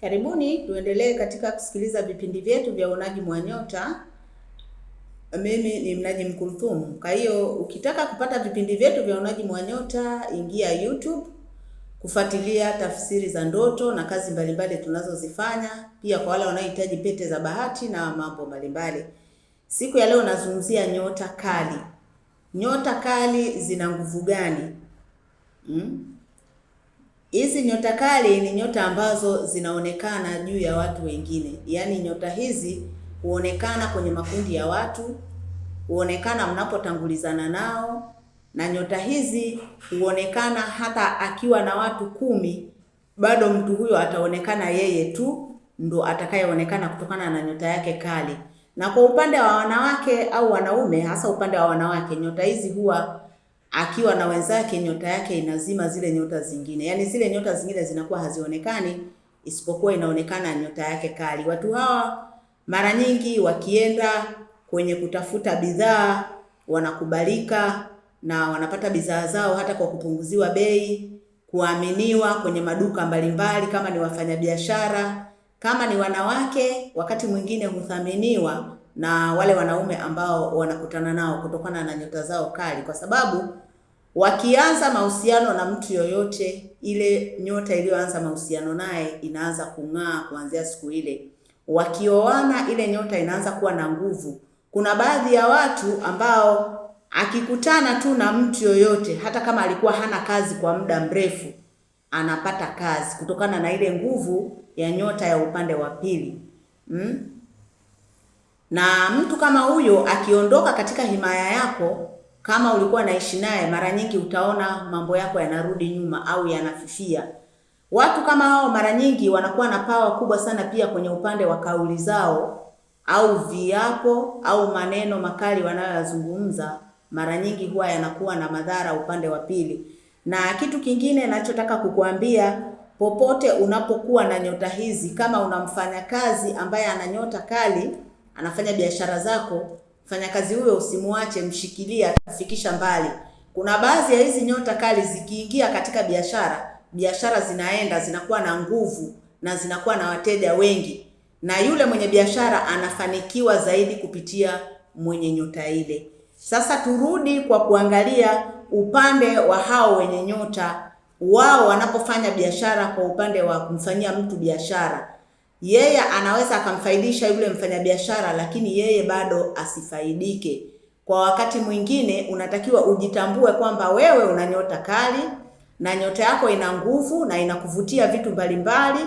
Karibuni tuendelee katika kusikiliza vipindi vyetu vya uonaji mwa nyota. Mimi ni Mnaji Mkulthum. Kwa hiyo ukitaka kupata vipindi vyetu vya uonaji mwa nyota, ingia YouTube kufuatilia tafsiri za ndoto na kazi mbalimbali tunazozifanya, pia kwa wale wanaohitaji pete za bahati na mambo mbalimbali. Siku ya leo nazungumzia nyota kali. Nyota kali zina nguvu gani? Mm? Hizi nyota kali ni nyota ambazo zinaonekana juu ya watu wengine, yaani nyota hizi huonekana kwenye makundi ya watu, huonekana mnapotangulizana nao, na nyota hizi huonekana hata akiwa na watu kumi, bado mtu huyo ataonekana yeye tu ndo atakayeonekana kutokana na nyota yake kali. Na kwa upande wa wanawake au wanaume, hasa upande wa wanawake, nyota hizi huwa akiwa na wenzake, nyota yake inazima zile nyota zingine, yaani zile nyota zingine zinakuwa hazionekani, isipokuwa inaonekana nyota yake kali. Watu hawa mara nyingi wakienda kwenye kutafuta bidhaa wanakubalika na wanapata bidhaa zao hata kwa kupunguziwa bei, kuaminiwa kwenye maduka mbalimbali, kama ni wafanyabiashara, kama ni wanawake, wakati mwingine huthaminiwa na wale wanaume ambao wanakutana nao kutokana na nyota zao kali, kwa sababu Wakianza mahusiano na mtu yoyote, ile nyota iliyoanza mahusiano naye inaanza kung'aa kuanzia siku ile. Wakioana, ile nyota inaanza kuwa na nguvu. Kuna baadhi ya watu ambao akikutana tu na mtu yoyote, hata kama alikuwa hana kazi kwa muda mrefu, anapata kazi kutokana na ile nguvu ya nyota ya upande wa pili hmm? Na mtu kama huyo akiondoka katika himaya yako kama ulikuwa naishi naye, mara nyingi utaona mambo yako yanarudi nyuma au yanafifia. Watu kama hao mara nyingi wanakuwa na pawa kubwa sana pia kwenye upande wa kauli zao au viapo au maneno makali wanayoyazungumza, mara nyingi huwa yanakuwa na madhara upande wa pili. Na kitu kingine nachotaka kukuambia, popote unapokuwa na nyota hizi, kama una mfanyakazi ambaye ana nyota kali, anafanya biashara zako Mfanyakazi huyo usimwache, mshikilie, atafikisha mbali. Kuna baadhi ya hizi nyota kali zikiingia katika biashara, biashara zinaenda zinakuwa na nguvu na zinakuwa na wateja wengi, na yule mwenye biashara anafanikiwa zaidi kupitia mwenye nyota ile. Sasa turudi kwa kuangalia upande wa hao wenye nyota, wao wanapofanya biashara, kwa upande wa kumfanyia mtu biashara yeye anaweza akamfaidisha yule mfanyabiashara, lakini yeye bado asifaidike. Kwa wakati mwingine unatakiwa ujitambue kwamba wewe una nyota kali na nyota yako ina nguvu na inakuvutia vitu mbalimbali.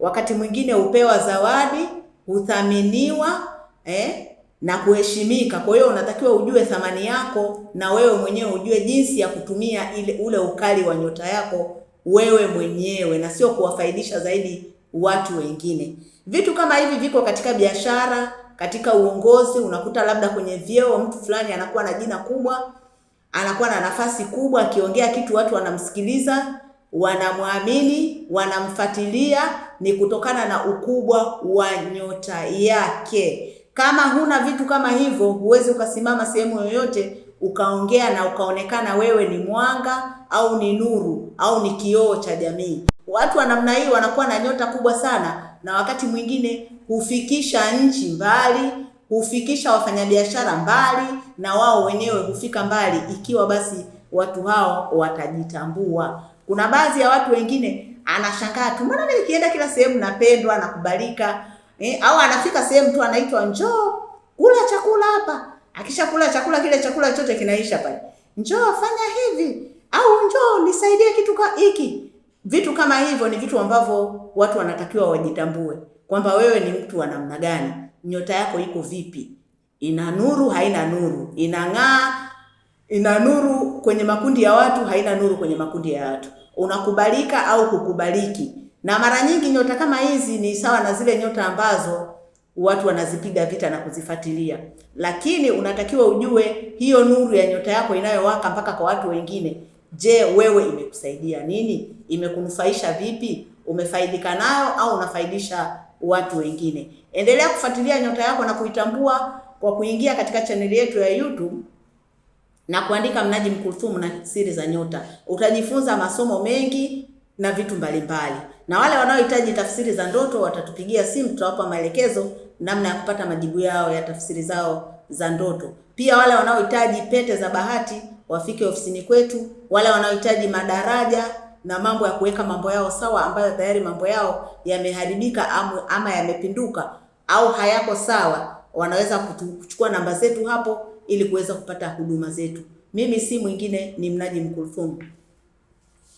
Wakati mwingine hupewa zawadi, huthaminiwa eh, na kuheshimika. Kwa hiyo unatakiwa ujue thamani yako na wewe mwenyewe ujue jinsi ya kutumia ile ule ukali wa nyota yako wewe mwenyewe na sio kuwafaidisha zaidi watu wengine. Vitu kama hivi viko katika biashara, katika uongozi. Unakuta labda kwenye vyeo mtu fulani anakuwa na jina kubwa, anakuwa na nafasi kubwa, akiongea kitu watu wanamsikiliza, wanamwamini, wanamfuatilia. Ni kutokana na ukubwa wa nyota yake. Kama huna vitu kama hivyo, huwezi ukasimama sehemu yoyote ukaongea na ukaonekana wewe ni mwanga au ni nuru au ni kioo cha jamii. Watu wa namna hii wanakuwa na nyota kubwa sana, na wakati mwingine hufikisha nchi mbali, hufikisha wafanyabiashara mbali, na wao wenyewe hufika mbali, ikiwa basi watu hao watajitambua. Kuna baadhi ya watu wengine anashangaa tu, mbona nikienda kila sehemu napendwa, nakubalika eh, au anafika sehemu tu anaitwa njoo kula chakula hapa. Akishakula chakula kile, chakula chote kinaisha pale, njoo fanya hivi, au njoo nisaidie kitu kwa hiki Vitu kama hivyo ni vitu ambavyo watu wanatakiwa wajitambue kwamba wewe ni mtu wa namna gani, nyota yako iko vipi, ina nuru, haina nuru, inang'aa, ina nuru kwenye makundi ya watu, haina nuru kwenye makundi ya watu, unakubalika au kukubaliki. Na mara nyingi nyota kama hizi ni sawa na zile nyota ambazo watu wanazipiga vita na kuzifuatilia, lakini unatakiwa ujue hiyo nuru ya nyota yako inayowaka mpaka kwa watu wengine Je, wewe imekusaidia nini? Imekunufaisha vipi? Umefaidika nayo au unafaidisha watu wengine? Endelea kufuatilia nyota yako na kuitambua kwa kuingia katika chaneli yetu ya YouTube na kuandika Mnajimu Kulthum na siri za nyota. Utajifunza masomo mengi na vitu mbalimbali, na wale wanaohitaji tafsiri za ndoto watatupigia simu, tutawapa maelekezo namna ya kupata majibu yao ya tafsiri zao za ndoto. Pia wale wanaohitaji pete za bahati wafike ofisini kwetu, wale wanaohitaji madaraja na mambo ya kuweka mambo yao sawa, ambayo tayari mambo yao yameharibika ama yamepinduka au hayako sawa, wanaweza kuchukua namba zetu hapo ili kuweza kupata huduma zetu. Mimi si mwingine, ni Mnaji mkulfumu